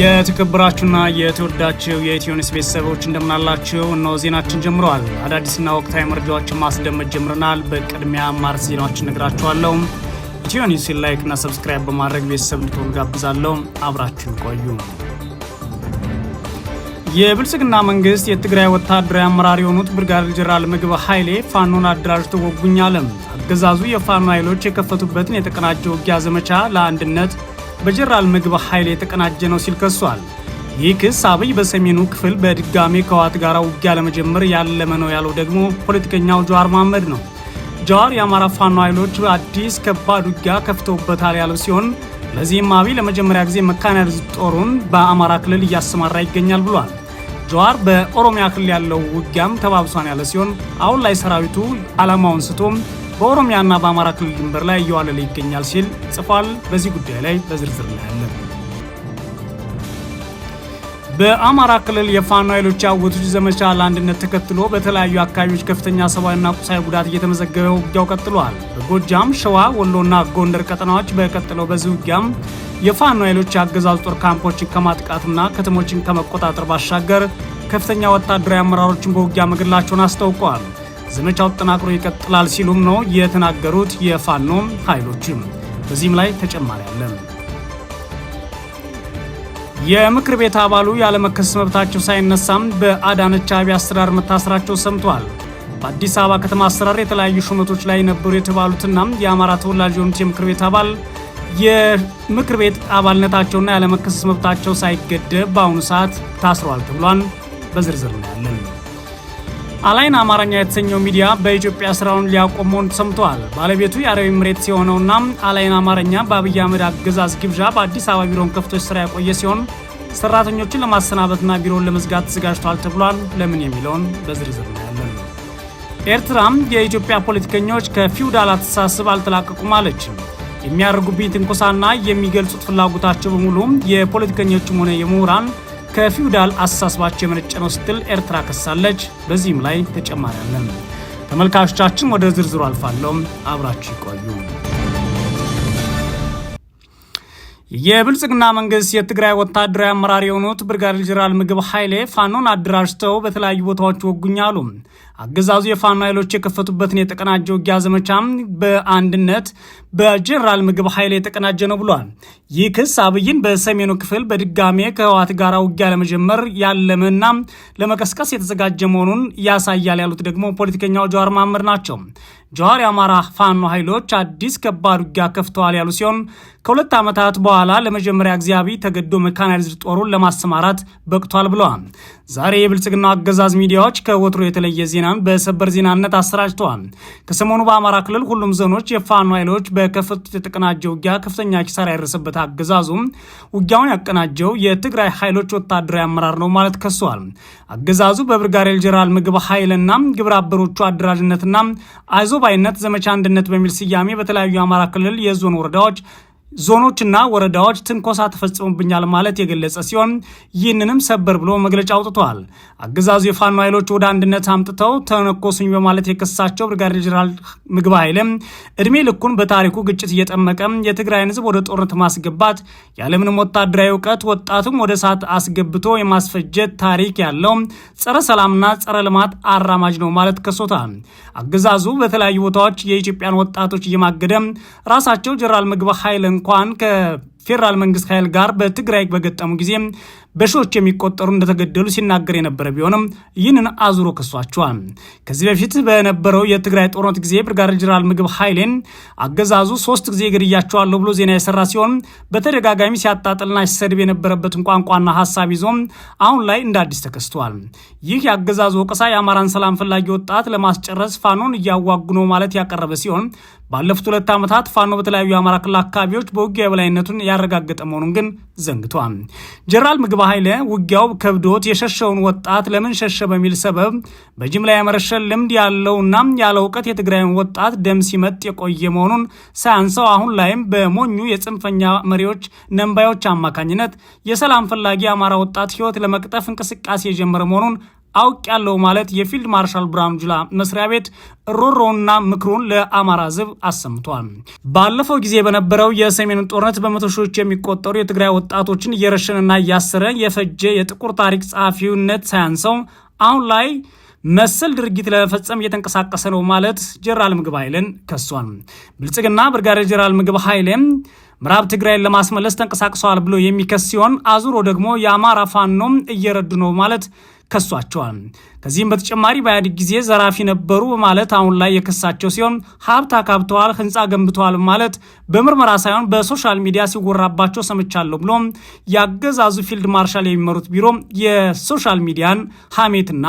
የተከበራችሁና የተወዳችሁ የኢትዮኒስ ቤተሰቦች እንደምናላችሁ፣ እነሆ ዜናችን ጀምረዋል። አዳዲስና ወቅታዊ መረጃዎችን ማስደመጥ ጀምረናል። በቅድሚያ ማርስ ዜናዎችን ነግራችኋለሁ። ኢትዮኒስን ላይክና ሰብስክራይብ በማድረግ ቤተሰብ እንድትሆኑ ጋብዛለሁ። አብራችሁን ቆዩ። የብልጽግና መንግስት የትግራይ ወታደራዊ አመራር የሆኑት ብርጋዴር ጄኔራል ምግብ ኃይሌ ፋኖን አደራጅቶ ወጉኝ አለም። አገዛዙ የፋኖ ኃይሎች የከፈቱበትን የተቀናጀ ውጊያ ዘመቻ ለአንድነት በጀነራል ምግብ ኃይል የተቀናጀ ነው ሲል ከሷል። ይህ ክስ አብይ በሰሜኑ ክፍል በድጋሜ ከህወሓት ጋር ውጊያ ለመጀመር ያለመ ነው ያለው ደግሞ ፖለቲከኛው ጀዋር መሐመድ ነው። ጀዋር የአማራ ፋኖ ኃይሎች አዲስ ከባድ ውጊያ ከፍተውበታል ያለው ሲሆን ለዚህም አብይ ለመጀመሪያ ጊዜ መካናይዝድ ጦሩን በአማራ ክልል እያሰማራ ይገኛል ብሏል። ጀዋር በኦሮሚያ ክልል ያለው ውጊያም ተባብሷን ያለ ሲሆን አሁን ላይ ሰራዊቱ አላማውን ስቶም በኦሮሚያና በአማራ ክልል ድንበር ላይ እየዋለለ ይገኛል ሲል ጽፏል። በዚህ ጉዳይ ላይ በዝርዝር እናያለን። በአማራ ክልል የፋኖ ኃይሎች ያወቱት ዘመቻ ለአንድነት ተከትሎ በተለያዩ አካባቢዎች ከፍተኛ ሰብአዊና ቁሳዊ ጉዳት እየተመዘገበ ውጊያው ቀጥሏል። በጎጃም፣ ሸዋ፣ ወሎና ጎንደር ቀጠናዎች በቀጥለው በዚህ ውጊያም የፋኖ ኃይሎች የአገዛዙ ጦር ካምፖችን ከማጥቃትና ከተሞችን ከመቆጣጠር ባሻገር ከፍተኛ ወታደራዊ አመራሮችን በውጊያ መገደላቸውን አስታውቀዋል። ዘመቻው ተጠናክሮ ይቀጥላል ሲሉም ነው የተናገሩት የፋኖም ኃይሎችም። በዚህም ላይ ተጨማሪ አለን። የምክር ቤት አባሉ ያለመከሰስ መብታቸው ሳይነሳም በአዳነች አቤቤ አስተዳደር መታሰራቸው ሰምቷል። በአዲስ አበባ ከተማ አስተዳደር የተለያዩ ሹመቶች ላይ ነበሩ የተባሉትና የአማራ ተወላጅ የሆኑት የምክር ቤት አባል የምክር ቤት አባልነታቸውና ያለመከሰስ መብታቸው ሳይገደብ በአሁኑ ሰዓት ታስረዋል ተብሏል። በዝርዝር እናያለን። አላይን አማርኛ የተሰኘው ሚዲያ በኢትዮጵያ ስራውን ሊያቆም መሆኑ ተሰምተዋል። ባለቤቱ የአረብ ኤምሬትስ የሆነውና አላይን አማርኛ በአብይ አህመድ አገዛዝ ግብዣ በአዲስ አበባ ቢሮን ከፍቶች ስራ ያቆየ ሲሆን ሰራተኞችን ለማሰናበትና ቢሮውን ለመዝጋት ተዘጋጅቷል ተብሏል። ለምን የሚለውን በዝርዝር ነው ኤርትራም የኢትዮጵያ ፖለቲከኞች ከፊውዳል አስተሳሰብ አልተላቀቁም አለች። የሚያደርጉብኝ ትንኮሳና የሚገልጹት ፍላጎታቸው በሙሉ የፖለቲከኞችም ሆነ የምሁራን ከፊውዳል አስተሳሰባቸው የመነጨ ነው ስትል ኤርትራ ከሳለች። በዚህም ላይ ተጨማሪ አለን። ተመልካቾቻችን ወደ ዝርዝሩ አልፋለሁም፣ አብራችሁ ይቆዩ። የብልጽግና መንግስት የትግራይ ወታደራዊ አመራር የሆኑት ብርጋዴር ጄኔራል ምግብ ኃይሌ ፋኖን አደራጅተው በተለያዩ ቦታዎች ወጉኛሉ። አገዛዙ የፋኖ ኃይሎች የከፈቱበትን የተቀናጀ ውጊያ ዘመቻም በአንድነት በጄኔራል ምግብ ኃይሌ የተቀናጀ ነው ብሏል። ይህ ክስ አብይን በሰሜኑ ክፍል በድጋሜ ከህወሓት ጋር ውጊያ ለመጀመር ያለመና ለመቀስቀስ የተዘጋጀ መሆኑን ያሳያል ያሉት ደግሞ ፖለቲከኛው ጀዋር መሐመድ ናቸው። ጀዋር የአማራ ፋኖ ኃይሎች አዲስ ከባድ ውጊያ ከፍተዋል ያሉ ሲሆን ከሁለት ዓመታት በኋላ ለመጀመሪያ ጊዜ አብይ ተገዶ መካናይዝድ ጦሩን ለማሰማራት በቅቷል ብለዋል። ዛሬ የብልጽግና አገዛዝ ሚዲያዎች ከወትሮ የተለየ ዜናን በሰበር ዜናነት አሰራጭተዋል። ከሰሞኑ በአማራ ክልል ሁሉም ዞኖች የፋኖ ኃይሎች በከፈቱት የተቀናጀ ውጊያ ከፍተኛ ኪሳራ ያደረሰበት አገዛዙም ውጊያውን ያቀናጀው የትግራይ ኃይሎች ወታደራዊ አመራር ነው ማለት ከሷል። አገዛዙ በብርጋዴር ጄኔራል ምግብ ኃይልና ግብረ አበሮቹ አደራጅነትና አይዞ ባይነት ዘመቻ አንድነት በሚል ስያሜ በተለያዩ የአማራ ክልል የዞን ወረዳዎች ዞኖችና ወረዳዎች ትንኮሳ ተፈጽሞብኛል ማለት የገለጸ ሲሆን ይህንንም ሰበር ብሎ መግለጫ አውጥቷል። አገዛዙ የፋኖ ኃይሎች ወደ አንድነት አምጥተው ተነኮሱኝ በማለት የከሳቸው ብርጋዴር ጄኔራል ምግብ ኃይልም እድሜ ልኩን በታሪኩ ግጭት እየጠመቀ የትግራይን ህዝብ ወደ ጦርነት ማስገባት ያለምንም ወታደራዊ እውቀት ወጣቱም ወደ እሳት አስገብቶ የማስፈጀት ታሪክ ያለው ጸረ ሰላምና ጸረ ልማት አራማጅ ነው ማለት ከሶታል። አገዛዙ በተለያዩ ቦታዎች የኢትዮጵያን ወጣቶች እየማገደ ራሳቸው ጄኔራል ምግብ ኃይልን እንኳን ከፌዴራል መንግስት ኃይል ጋር በትግራይ በገጠሙ ጊዜ በሺዎች የሚቆጠሩ እንደተገደሉ ሲናገር የነበረ ቢሆንም ይህንን አዙሮ ከሷቸዋል። ከዚህ በፊት በነበረው የትግራይ ጦርነት ጊዜ ብርጋዴር ጄኔራል ምግብ ኃይሌን አገዛዙ ሶስት ጊዜ ገድያቸዋለሁ ብሎ ዜና የሰራ ሲሆን በተደጋጋሚ ሲያጣጥልና ሲሰድብ የነበረበትን ቋንቋና ሀሳብ ይዞም አሁን ላይ እንደ አዲስ ተከስቷል። ይህ የአገዛዙ ወቀሳ የአማራን ሰላም ፈላጊ ወጣት ለማስጨረስ ፋኖን እያዋጉ ነው ማለት ያቀረበ ሲሆን ባለፉት ሁለት ዓመታት ፋኖ በተለያዩ የአማራ ክልል አካባቢዎች በውጊያ የበላይነቱን ያረጋገጠ መሆኑን ግን ዘንግቷል። ጄኔራል ምግብ በኃይለ ውጊያው ከብዶት የሸሸውን ወጣት ለምን ሸሸ በሚል ሰበብ በጅምላ የመረሸን ልምድ ያለውና ያለ እውቀት የትግራይን ወጣት ደም ሲመጥ የቆየ መሆኑን ሳያንሰው አሁን ላይም በሞኙ የጽንፈኛ መሪዎች ነንባዮች አማካኝነት የሰላም ፈላጊ የአማራ ወጣት ህይወት ለመቅጠፍ እንቅስቃሴ የጀመረ መሆኑን አውቅ ያለው ማለት የፊልድ ማርሻል ብርሃኑ ጁላ መስሪያ ቤት ሮሮውንና ምክሩን ለአማራ ህዝብ አሰምቷል። ባለፈው ጊዜ በነበረው የሰሜን ጦርነት በመቶ ሺዎች የሚቆጠሩ የትግራይ ወጣቶችን እየረሸንና እያሰረ የፈጀ የጥቁር ታሪክ ጸሐፊውነት ሳያንሰው አሁን ላይ መሰል ድርጊት ለመፈጸም እየተንቀሳቀሰ ነው ማለት ጀነራል ምግብ ኃይልን ከሷል። ብልጽግና ብርጋዴር ጀነራል ምግብ ኃይልን ምዕራብ ትግራይን ለማስመለስ ተንቀሳቅሰዋል ብሎ የሚከስ ሲሆን አዙሮ ደግሞ የአማራ ፋኖም እየረዱ ነው ማለት ከሷቸዋል። ከዚህም በተጨማሪ በኢህአዴግ ጊዜ ዘራፊ ነበሩ በማለት አሁን ላይ የከሳቸው ሲሆን ሀብት አካብተዋል፣ ህንፃ ገንብተዋል ማለት በምርመራ ሳይሆን በሶሻል ሚዲያ ሲወራባቸው ሰምቻለሁ ብሎ የአገዛዙ ፊልድ ማርሻል የሚመሩት ቢሮ የሶሻል ሚዲያን ሀሜትና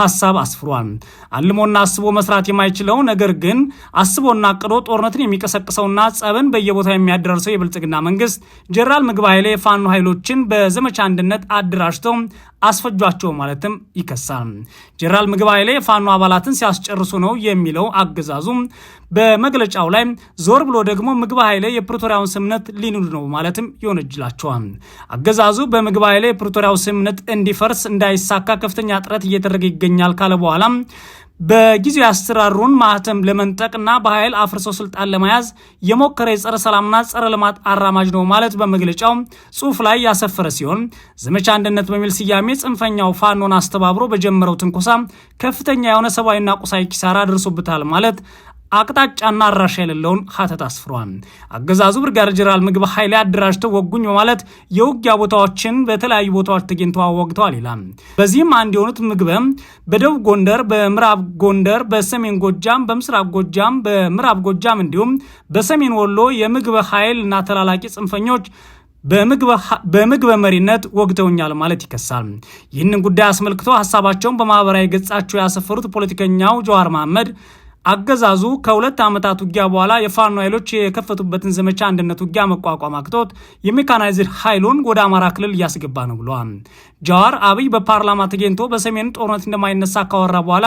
ሀሳብ አስፍሯል። አልሞና አስቦ መስራት የማይችለው ነገር ግን አስቦና አቅዶ ጦርነትን የሚቀሰቅሰውና ጸብን በየቦታው የሚያደርሰው የብልጽግና መንግስት ጀነራል ምግብ ኃይሌ የፋኖ ኃይሎችን በዘመቻ አንድነት አደራጅተው አስፈጇቸው ማለትም ይከሳል። ጀነራል ምግብ ኃይሌ ፋኖ አባላትን ሲያስጨርሱ ነው የሚለው አገዛዙም በመግለጫው ላይ ዞር ብሎ ደግሞ ምግብ ኃይሌ የፕሪቶሪያውን ስምነት ሊንዱ ነው ማለትም ይወነጅላቸዋል። አገዛዙ በምግብ ኃይሌ የፕሪቶሪያው ስምነት እንዲፈርስ እንዳይሳካ ከፍተኛ ጥረት እየተደረገ ይገኛል ካለ በኋላ በጊዜው አስተራሩን ማህተም ለመንጠቅና በኃይል አፍርሶ ስልጣን ለመያዝ የሞከረ የጸረ ሰላምና ጸረ ልማት አራማጅ ነው ማለት በመግለጫው ጽሁፍ ላይ ያሰፈረ ሲሆን ዘመቻ አንድነት በሚል ስያሜ ጽንፈኛው ፋኖን አስተባብሮ በጀመረው ትንኮሳ ከፍተኛ የሆነ ሰብአዊና ቁሳዊ ኪሳራ ደርሶበታል ማለት አቅጣጫና አድራሻ የሌለውን ሀተት አስፍሯል። አገዛዙ ብርጋዴር ጄኔራል ምግብ ኃይል አደራጅተው ወጉኝ በማለት የውጊያ ቦታዎችን በተለያዩ ቦታዎች ተገኝተው አወግተዋል ይላል። በዚህም አንድ የሆኑት ምግበ በደቡብ ጎንደር፣ በምዕራብ ጎንደር፣ በሰሜን ጎጃም፣ በምስራቅ ጎጃም፣ በምዕራብ ጎጃም እንዲሁም በሰሜን ወሎ የምግብ ኃይል እና ተላላቂ ጽንፈኞች በምግበ መሪነት ወግተውኛል ማለት ይከሳል። ይህንን ጉዳይ አስመልክቶ ሀሳባቸውን በማህበራዊ ገጻቸው ያሰፈሩት ፖለቲከኛው ጀዋር መሐመድ አገዛዙ ከሁለት ዓመታት ውጊያ በኋላ የፋኖ ኃይሎች የከፈቱበትን ዘመቻ አንድነት ውጊያ መቋቋም አቅቶት የሜካናይዝድ ኃይሉን ወደ አማራ ክልል እያስገባ ነው ብለዋል። ጃዋር አብይ በፓርላማ ተገኝቶ በሰሜን ጦርነት እንደማይነሳ ካወራ በኋላ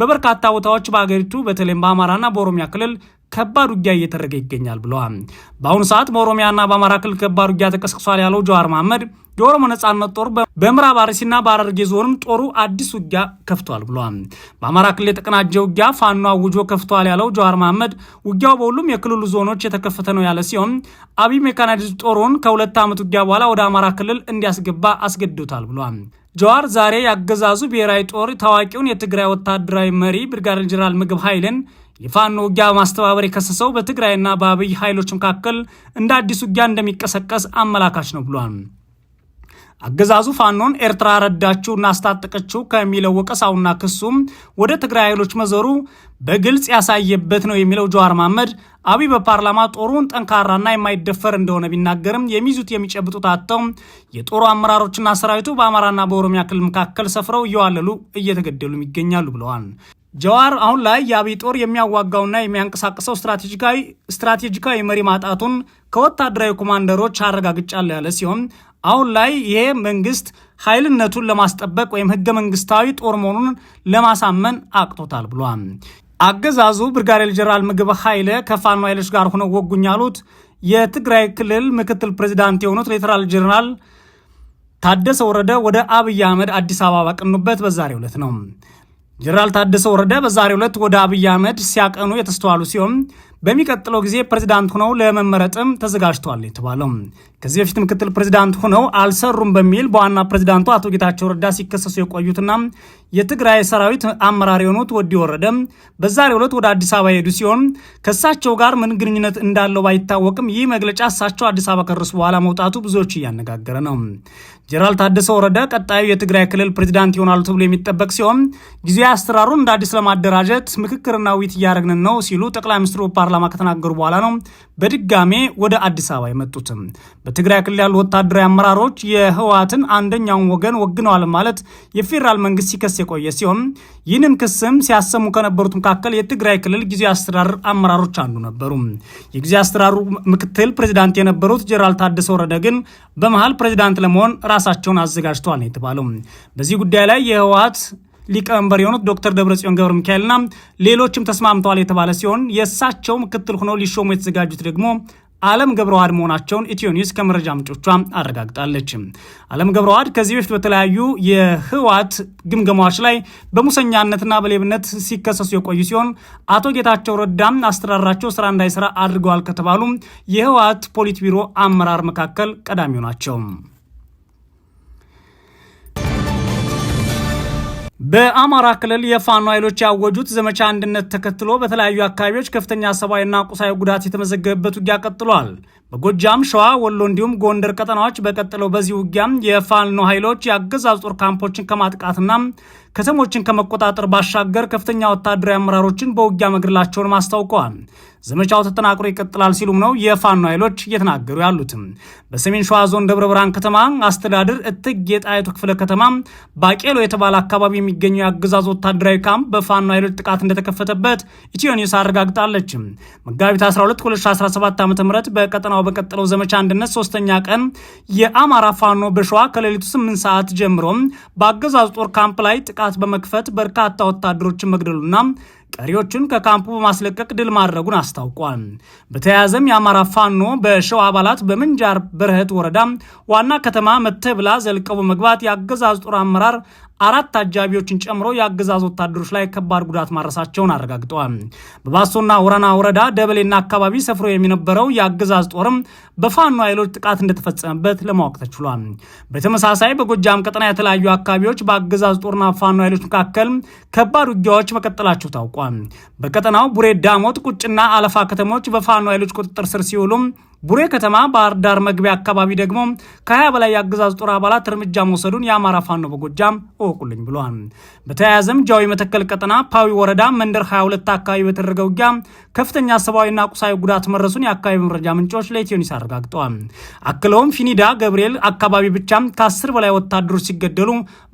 በበርካታ ቦታዎች በአገሪቱ በተለይም በአማራና በኦሮሚያ ክልል ከባድ ውጊያ እየተደረገ ይገኛል ብለዋል። በአሁኑ ሰዓት በኦሮሚያና በአማራ ክልል ከባድ ውጊያ ተቀስቅሷል ያለው ጀዋር መሐመድ የኦሮሞ ነጻነት ጦር በምዕራብ አርሲና በሐረርጌ ዞንም ጦሩ አዲስ ውጊያ ከፍቷል ብለዋል። በአማራ ክልል የተቀናጀ ውጊያ ፋኖ አውጆ ከፍቷል ያለው ጀዋር መሐመድ ውጊያው በሁሉም የክልሉ ዞኖች የተከፈተ ነው ያለ ሲሆን አብይ ሜካናይዝድ ጦሩን ከሁለት ዓመት ውጊያ በኋላ ወደ አማራ ክልል እንዲያስገባ አስገድዶታል ብለዋል። ጀዋር ዛሬ ያገዛዙ ብሔራዊ ጦር ታዋቂውን የትግራይ ወታደራዊ መሪ ብርጋዴር ጄኔራል ምግብ ኃይልን የፋኖ ውጊያ ማስተባበር የከሰሰው በትግራይና በአብይ ኃይሎች መካከል እንደ አዲስ ውጊያ እንደሚቀሰቀስ አመላካች ነው ብሏል። አገዛዙ ፋኖን ኤርትራ ረዳችው እና አስታጠቀችው ከሚለው ወቀሳውና ክሱም ወደ ትግራይ ኃይሎች መዞሩ በግልጽ ያሳየበት ነው የሚለው ጀዋር መሐመድ አብይ በፓርላማ ጦሩን ጠንካራና የማይደፈር እንደሆነ ቢናገርም የሚይዙት የሚጨብጡት አጥተው የጦሩ አመራሮችና ሰራዊቱ በአማራና በኦሮሚያ ክልል መካከል ሰፍረው እየዋለሉ እየተገደሉም ይገኛሉ ብለዋል። ጀዋር አሁን ላይ የአብይ ጦር የሚያዋጋውና የሚያንቀሳቀሰው ስትራቴጂካዊ መሪ ማጣቱን ከወታደራዊ ኮማንደሮች አረጋግጫለሁ ያለ ሲሆን አሁን ላይ ይሄ መንግስት ኃይልነቱን ለማስጠበቅ ወይም ህገ መንግስታዊ ጦር መሆኑን ለማሳመን አቅቶታል ብሏል። አገዛዙ ብርጋዴር ጀነራል ምግብ ኃይለ ከፋኖ ኃይሎች ጋር ሆነው ወጉኝ ያሉት የትግራይ ክልል ምክትል ፕሬዚዳንት የሆኑት ሌተናል ጀነራል ታደሰ ወረደ ወደ አብይ አህመድ አዲስ አበባ ባቀኑበት በዛሬው ዕለት ነው። ጀነራል ታደሰ ወረደ በዛሬው ዕለት ወደ አብይ አህመድ ሲያቀኑ የተስተዋሉ ሲሆን በሚቀጥለው ጊዜ ፕሬዚዳንት ሆነው ለመመረጥም ተዘጋጅቷል የተባለው ከዚህ በፊት ምክትል ፕሬዚዳንት ሆነው አልሰሩም በሚል በዋና ፕሬዚዳንቱ አቶ ጌታቸው ረዳ ሲከሰሱ የቆዩትና የትግራይ ሰራዊት አመራር የሆኑት ወዲ ወረደ በዛሬው ዕለት ወደ አዲስ አበባ የሄዱ ሲሆን ከእሳቸው ጋር ምን ግንኙነት እንዳለው ባይታወቅም ይህ መግለጫ እሳቸው አዲስ አበባ ከደረሱ በኋላ መውጣቱ ብዙዎች እያነጋገረ ነው። ጀነራል ታደሰ ወረደ ቀጣዩ የትግራይ ክልል ፕሬዚዳንት ይሆናሉ ተብሎ የሚጠበቅ ሲሆን ጊዜያዊ አሰራሩን እንደ አዲስ ለማደራጀት ምክክርና ውይይት እያደረግን ነው ሲሉ ጠቅላይ ሚኒስትሩ ፓርላማ ከተናገሩ በኋላ ነው በድጋሜ ወደ አዲስ አበባ የመጡትም። በትግራይ ክልል ያሉ ወታደራዊ አመራሮች የህወሓትን አንደኛውን ወገን ወግነዋል ማለት የፌዴራል መንግስት ሲከስ የቆየ ሲሆን ይህንን ክስም ሲያሰሙ ከነበሩት መካከል የትግራይ ክልል ጊዜያዊ አስተዳደር አመራሮች አንዱ ነበሩ። የጊዜያዊ አስተዳደሩ ምክትል ፕሬዚዳንት የነበሩት ጀነራል ታደሰ ወረደ ግን በመሀል ፕሬዚዳንት ለመሆን ራሳቸውን አዘጋጅተዋል ነው የተባለው። በዚህ ጉዳይ ላይ የህወሀት ሊቀመንበር የሆኑት ዶክተር ደብረጽዮን ገብረ ሚካኤልና ሌሎችም ተስማምተዋል የተባለ ሲሆን የእሳቸው ምክትል ሆነው ሊሾሙ የተዘጋጁት ደግሞ አለም ገብረዋድ መሆናቸውን ኢትዮ ኒውስ ከመረጃ ምንጮቿ አረጋግጣለች። አለም ገብረዋድ ከዚህ በፊት በተለያዩ የህዋት ግምገማዎች ላይ በሙሰኛነትና በሌብነት ሲከሰሱ የቆዩ ሲሆን አቶ ጌታቸው ረዳም አስተዳደራቸው ስራ እንዳይሰራ አድርገዋል ከተባሉ የህወሓት ፖሊት ቢሮ አመራር መካከል ቀዳሚው ናቸው። በአማራ ክልል የፋኖ ኃይሎች ያወጁት ዘመቻ አንድነት ተከትሎ በተለያዩ አካባቢዎች ከፍተኛ ሰብአዊና ቁሳዊ ጉዳት የተመዘገበበት ውጊያ ቀጥሏል። በጎጃም ሸዋ፣ ወሎ እንዲሁም ጎንደር ቀጠናዎች በቀጠለው በዚህ ውጊያ የፋኖ ኃይሎች የአገዛዝ ጦር ካምፖችን ከማጥቃትና ከተሞችን ከመቆጣጠር ባሻገር ከፍተኛ ወታደራዊ አመራሮችን በውጊያ መግደላቸውን አስታውቀዋል። ዘመቻው ተጠናክሮ ይቀጥላል ሲሉም ነው የፋኖ ኃይሎች እየተናገሩ ያሉትም። በሰሜን ሸዋ ዞን ደብረ ብርሃን ከተማ አስተዳደር እትግ የጣይቱ ክፍለ ከተማ ባቄሎ የተባለ አካባቢ የሚገኘው የአገዛዝ ወታደራዊ ካምፕ በፋኖ ኃይሎች ጥቃት እንደተከፈተበት ኢትዮኒውስ አረጋግጣለች። መጋቢት 12 2017 ዓ ም በቀጠና በቀጠናው በቀጠለው ዘመቻ አንድነት ሶስተኛ ቀን የአማራ ፋኖ በሸዋ ከሌሊቱ ስምንት ሰዓት ጀምሮ በአገዛዙ ጦር ካምፕ ላይ ጥቃት በመክፈት በርካታ ወታደሮችን መግደሉና ቀሪዎቹን ከካምፑ በማስለቀቅ ድል ማድረጉን አስታውቋል። በተያያዘም የአማራ ፋኖ በሸው አባላት በምንጃር በረህት ወረዳ ዋና ከተማ መተብላ ዘልቀው በመግባት የአገዛዝ ጦር አመራር አራት አጃቢዎችን ጨምሮ የአገዛዝ ወታደሮች ላይ ከባድ ጉዳት ማድረሳቸውን አረጋግጠዋል። በባሶና ወራና ወረዳ ደበሌና አካባቢ ሰፍሮ የሚነበረው የአገዛዝ ጦርም በፋኖ ኃይሎች ጥቃት እንደተፈጸመበት ለማወቅ ተችሏል። በተመሳሳይ በጎጃም ቀጠና የተለያዩ አካባቢዎች በአገዛዝ ጦርና ፋኖ ኃይሎች መካከል ከባድ ውጊያዎች መቀጠላቸው ታውቋል። አስታውቋል። በቀጠናው ቡሬ ዳሞት፣ ቁጭና አለፋ ከተሞች በፋኖ ኃይሎች ቁጥጥር ስር ሲውሉም ቡሬ ከተማ ባህር ዳር መግቢያ አካባቢ ደግሞ ከ በላይ የአገዛዝ ጦር አባላት እርምጃ መውሰዱን የአማራ ፋኖ በጎጃም እወቁልኝ ብሏል። በተያያዘም ጃዊ መተከል ቀጠና ፓዊ ወረዳ መንደር 22 አካባቢ በተደረገ ውጊያ ከፍተኛ ሰብአዊና ቁሳዊ ጉዳት መድረሱን የአካባቢ መረጃ ምንጮች ለኢትዮኒስ አረጋግጠዋል። አክለውም ፊኒዳ ገብርኤል አካባቢ ብቻ ከ10 በላይ ወታደሮች ሲገደሉ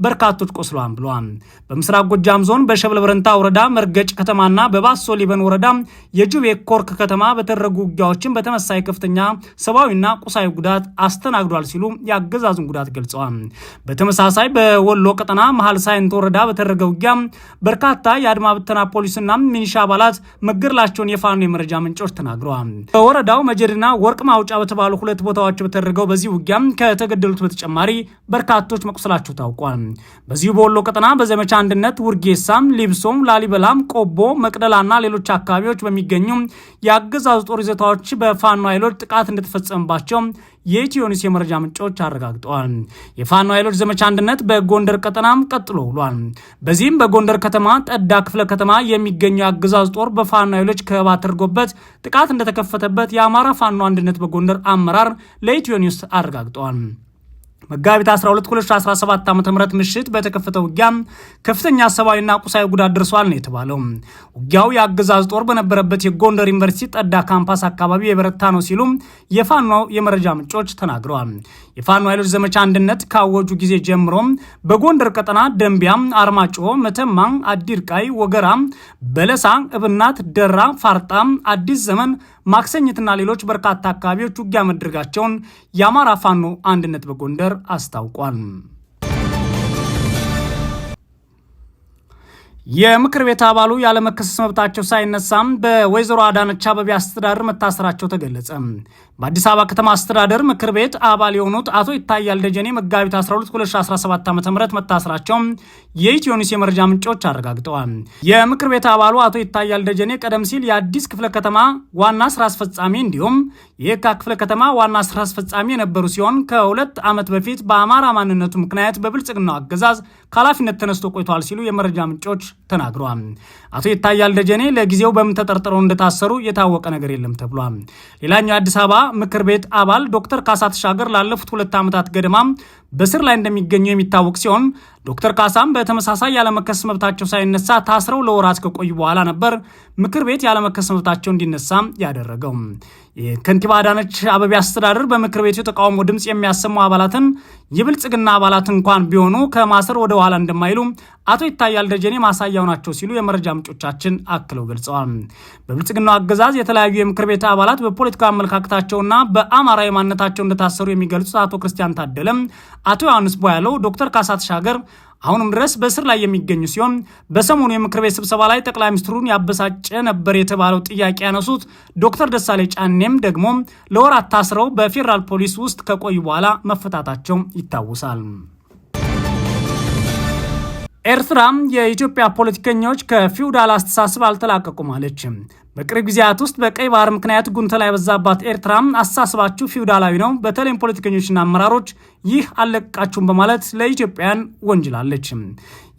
በርካቶች ቆስለዋል ብለዋል። በምስራቅ ጎጃም ዞን በሸበል በረንታ ወረዳ መርገጭ ከተማና በባሶ ሊበን ወረዳ የጁቤ ኮርክ ከተማ በተደረጉ ውጊያዎችን በተመሳይ ከፍተኛ ከፍተኛ ሰብአዊና ቁሳዊ ጉዳት አስተናግዷል ሲሉ የአገዛዙን ጉዳት ገልጸዋል። በተመሳሳይ በወሎ ቀጠና መሀል ሳይንት ወረዳ በተደረገ ውጊያ በርካታ የአድማ ብተና ፖሊስና ሚኒሻ አባላት መገደላቸውን የፋኖ የመረጃ ምንጮች ተናግረዋል። በወረዳው መጀድና ወርቅ ማውጫ በተባሉ ሁለት ቦታዎች በተደረገው በዚህ ውጊያ ከተገደሉት በተጨማሪ በርካቶች መቁሰላቸው ታውቋል። በዚሁ በወሎ ቀጠና በዘመቻ አንድነት ውርጌሳም፣ ሊብሶም፣ ላሊበላም፣ ቆቦ፣ መቅደላና ሌሎች አካባቢዎች በሚገኙ የአገዛዙ ጦር ይዘታዎች በፋኖ ኃይሎች ጥቃት እንደተፈጸመባቸው የኢትዮኒስ የመረጃ ምንጮች አረጋግጠዋል። የፋኖ ኃይሎች ዘመቻ አንድነት በጎንደር ቀጠናም ቀጥሎ ውሏል። በዚህም በጎንደር ከተማ ጠዳ ክፍለ ከተማ የሚገኘው አገዛዝ ጦር በፋኖ ኃይሎች ከበባ ተደርጎበት ጥቃት እንደተከፈተበት የአማራ ፋኖ አንድነት በጎንደር አመራር ለኢትዮኒስ አረጋግጠዋል። መጋቢት 12 2017 ዓ ም ምሽት በተከፈተ ውጊያ ከፍተኛ ሰብአዊና ቁሳዊ ጉዳት ደርሷል ነው የተባለው። ውጊያው የአገዛዝ ጦር በነበረበት የጎንደር ዩኒቨርሲቲ ጠዳ ካምፓስ አካባቢ የበረታ ነው ሲሉ የፋኖ የመረጃ ምንጮች ተናግረዋል። የፋኖ ኃይሎች ዘመቻ አንድነት ካወጁ ጊዜ ጀምሮም በጎንደር ቀጠና ደንቢያ፣ አርማጭሆ፣ መተማ፣ አዲርቃይ፣ ወገራ፣ በለሳ፣ እብናት፣ ደራ፣ ፋርጣ፣ አዲስ ዘመን ማክሰኝትና ሌሎች በርካታ አካባቢዎች ውጊያ መድረጋቸውን የአማራ ፋኖ አንድነት በጎንደር አስታውቋል። የምክር ቤት አባሉ ያለመከሰስ መብታቸው ሳይነሳም በወይዘሮ አዳነች አቤቤ አስተዳደር መታሰራቸው ተገለጸ። በአዲስ አበባ ከተማ አስተዳደር ምክር ቤት አባል የሆኑት አቶ ይታያል ደጀኔ መጋቢት 12 2017 ዓ ም መታሰራቸው የኢትዮኒስ የመረጃ ምንጮች አረጋግጠዋል። የምክር ቤት አባሉ አቶ ይታያል ደጀኔ ቀደም ሲል የአዲስ ክፍለ ከተማ ዋና ስራ አስፈጻሚ እንዲሁም የካ ክፍለ ከተማ ዋና ስራ አስፈጻሚ የነበሩ ሲሆን ከሁለት ዓመት በፊት በአማራ ማንነቱ ምክንያት በብልጽግናው አገዛዝ ከኃላፊነት ተነስቶ ቆይቷል ሲሉ የመረጃ ምንጮች ተናግረዋል። አቶ ይታያል ደጀኔ ለጊዜው በምን ተጠርጥረው እንደታሰሩ የታወቀ ነገር የለም ተብሏል። ሌላኛው አዲስ አበባ ምክር ቤት አባል ዶክተር ካሳ ተሻገር ላለፉት ሁለት ዓመታት ገደማ በስር ላይ እንደሚገኙ የሚታወቅ ሲሆን ዶክተር ካሳም በተመሳሳይ ያለመከስ መብታቸው ሳይነሳ ታስረው ለወራት ከቆዩ በኋላ ነበር ምክር ቤት ያለመከስ መብታቸው እንዲነሳ ያደረገው። የከንቲባ አዳነች አበቤ አስተዳደር በምክር ቤቱ የተቃውሞ ድምፅ የሚያሰሙ አባላትን የብልጽግና አባላት እንኳን ቢሆኑ ከማሰር ወደ ኋላ እንደማይሉ አቶ ይታያል ደጀኔ ማሳያው ናቸው ሲሉ የመረጃ ምንጮቻችን አክለው ገልጸዋል። በብልጽግናው አገዛዝ የተለያዩ የምክር ቤት አባላት በፖለቲካ አመለካከታቸውና በአማራዊ ማነታቸው እንደታሰሩ የሚገልጹት አቶ ክርስቲያን ታደለም፣ አቶ ዮሐንስ ቦያለው፣ ዶክተር ካሳ ተሻገር አሁንም ድረስ በእስር ላይ የሚገኙ ሲሆን በሰሞኑ የምክር ቤት ስብሰባ ላይ ጠቅላይ ሚኒስትሩን ያበሳጨ ነበር የተባለው ጥያቄ ያነሱት ዶክተር ደሳሌ ጫኔም ደግሞ ለወራት ታስረው በፌዴራል ፖሊስ ውስጥ ከቆዩ በኋላ መፈታታቸው ይታወሳል። ኤርትራም የኢትዮጵያ ፖለቲከኞች ከፊውዳል አስተሳሰብ አልተላቀቁም አለች። በቅርብ ጊዜያት ውስጥ በቀይ ባህር ምክንያት ጉንተላ የበዛባት ኤርትራም አሳስባችሁ ፊውዳላዊ ነው፣ በተለይም ፖለቲከኞችና አመራሮች ይህ አልለቀቃችሁም በማለት ለኢትዮጵያን ወንጅላለች።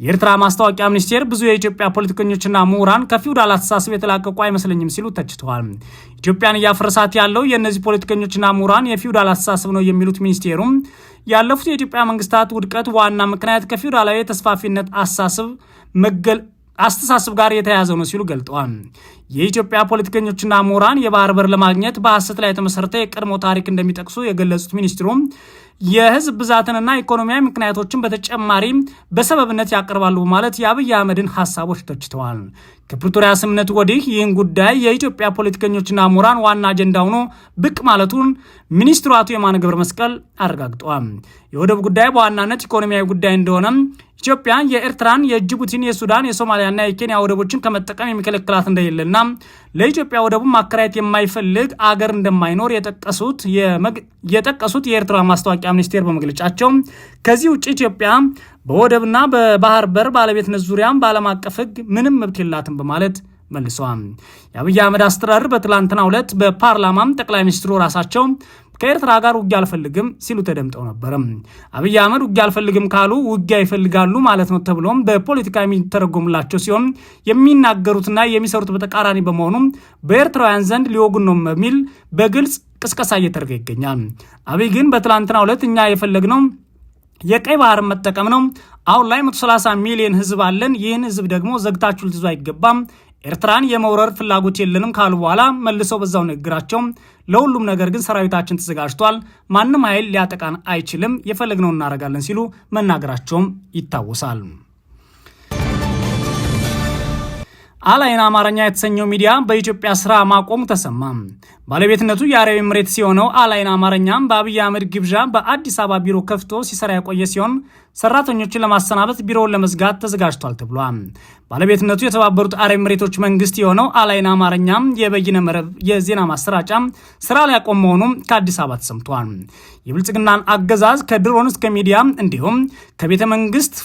የኤርትራ ማስታወቂያ ሚኒስቴር ብዙ የኢትዮጵያ ፖለቲከኞችና ምሁራን ከፊውዳል አስተሳሰብ የተላቀቁ አይመስለኝም ሲሉ ተችተዋል። ኢትዮጵያን እያፈረሳት ያለው የእነዚህ ፖለቲከኞችና ምሁራን የፊውዳል አስተሳሰብ ነው የሚሉት ሚኒስቴሩም ያለፉት የኢትዮጵያ መንግስታት ውድቀት ዋና ምክንያት ከፊውዳላዊ የተስፋፊነት አስተሳሰብ መገል አስተሳሰብ ጋር የተያያዘ ነው ሲሉ ገልጠዋል። የኢትዮጵያ ፖለቲከኞችና ምሁራን የባህር በር ለማግኘት በሐሰት ላይ የተመሰረተ የቀድሞ ታሪክ እንደሚጠቅሱ የገለጹት ሚኒስትሩም የህዝብ ብዛትንና ኢኮኖሚያዊ ምክንያቶችን በተጨማሪ በሰበብነት ያቀርባሉ በማለት የአብይ አህመድን ሀሳቦች ተችተዋል። ከፕሪቶሪያ ስምምነት ወዲህ ይህን ጉዳይ የኢትዮጵያ ፖለቲከኞችና ምሁራን ዋና አጀንዳ ሆኖ ብቅ ማለቱን ሚኒስትሩ አቶ የማነ ገብረ መስቀል አረጋግጠዋል። የወደብ ጉዳይ በዋናነት ኢኮኖሚያዊ ጉዳይ እንደሆነ ኢትዮጵያ የኤርትራን፣ የጅቡቲን፣ የሱዳን፣ የሶማሊያና የኬንያ ወደቦችን ከመጠቀም የሚከለክላት እንደሌለና እንደሚፈልግና ለኢትዮጵያ ወደቡን ማከራየት የማይፈልግ አገር እንደማይኖር የጠቀሱት የኤርትራ ማስታወቂያ ሚኒስቴር በመግለጫቸው ከዚህ ውጭ ኢትዮጵያ በወደብና በባህር በር ባለቤትነት ዙሪያም በዓለም አቀፍ ሕግ ምንም መብት የላትም በማለት መልሰዋል። የአብይ አህመድ አስተዳደር በትላንትና ዕለት በፓርላማም ጠቅላይ ሚኒስትሩ ራሳቸው ከኤርትራ ጋር ውጊያ አልፈልግም ሲሉ ተደምጠው ነበርም። አብይ አህመድ ውጊያ አልፈልግም ካሉ ውጊያ ይፈልጋሉ ማለት ነው ተብሎም በፖለቲካ የሚተረጎምላቸው ሲሆን የሚናገሩትና የሚሰሩት በተቃራኒ በመሆኑ በኤርትራውያን ዘንድ ሊወጉን ነው በሚል በግልጽ ቅስቀሳ እየተደረገ ይገኛል። አብይ ግን በትላንትናው ዕለት እኛ የፈለግነው የቀይ ባህር መጠቀም ነው። አሁን ላይ 130 ሚሊዮን ህዝብ አለን። ይህን ህዝብ ደግሞ ዘግታችሁ ልትይዙ አይገባም። ኤርትራን የመውረር ፍላጎት የለንም ካሉ በኋላ መልሰው በዛው ንግግራቸው ለሁሉም ነገር ግን ሰራዊታችን ተዘጋጅቷል፣ ማንም ኃይል ሊያጠቃን አይችልም፣ የፈለግነው እናደርጋለን ሲሉ መናገራቸውም ይታወሳል። አላይን አማርኛ የተሰኘው ሚዲያ በኢትዮጵያ ስራ ማቆሙ ተሰማ። ባለቤትነቱ የአረብ ኤምሬትስ ሲሆነው አላይን አማርኛም በአብይ አህመድ ግብዣ በአዲስ አበባ ቢሮ ከፍቶ ሲሰራ የቆየ ሲሆን ሰራተኞችን ለማሰናበት ቢሮውን ለመዝጋት ተዘጋጅቷል ተብሏል። ባለቤትነቱ የተባበሩት አረብ ኤሚሬቶች መንግስት የሆነው አላይን አማርኛም የበይነ መረብ የዜና ማሰራጫ ስራ ሊያቆም መሆኑም ከአዲስ አበባ ተሰምቷል። የብልጽግናን አገዛዝ ከድሮን እስከ ሚዲያ እንዲሁም ከቤተ መንግስት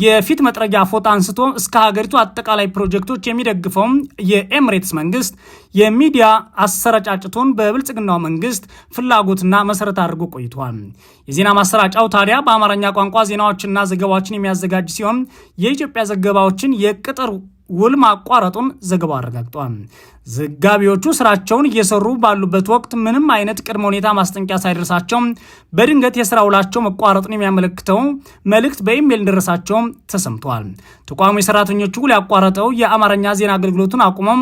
የፊት መጥረጊያ ፎጣ አንስቶ እስከ ሀገሪቱ አጠቃላይ ፕሮጀክቶች የሚደግፈውም የኤምሬትስ መንግስት የሚዲያ አሰራጫጭቱን በብልጽግናው መንግስት ፍላጎትና መሰረት አድርጎ ቆይቷል። የዜና ማሰራጫው ታዲያ በአማርኛ ቋንቋ ዜናዎችና ዘገባዎችን የሚያዘጋጅ ሲሆን የኢትዮጵያ ዘገባዎችን የቅጥር ውል ማቋረጡን ዘገባው አረጋግጧል። ዘጋቢዎቹ ስራቸውን እየሰሩ ባሉበት ወቅት ምንም አይነት ቅድመ ሁኔታ ማስጠንቂያ ሳይደርሳቸው በድንገት የስራ ውላቸው መቋረጡን የሚያመለክተው መልእክት በኢሜል እንደደረሳቸውም ተሰምቷል። ተቋሙ የሰራተኞቹ ውል ያቋረጠው የአማርኛ ዜና አገልግሎቱን አቁመው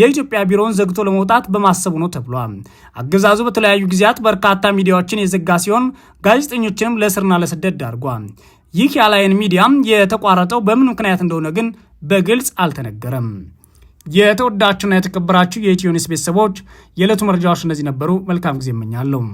የኢትዮጵያ ቢሮውን ዘግቶ ለመውጣት በማሰቡ ነው ተብሏል። አገዛዙ በተለያዩ ጊዜያት በርካታ ሚዲያዎችን የዘጋ ሲሆን ጋዜጠኞችንም ለእስርና ለስደት ዳርጓል። ይህ የአላይን ሚዲያም የተቋረጠው በምን ምክንያት እንደሆነ ግን በግልጽ አልተነገረም። የተወዳችሁና የተከበራችሁ የኢትዮኒስ ቤተሰቦች የዕለቱ መረጃዎች እነዚህ ነበሩ። መልካም ጊዜ እመኛለሁ።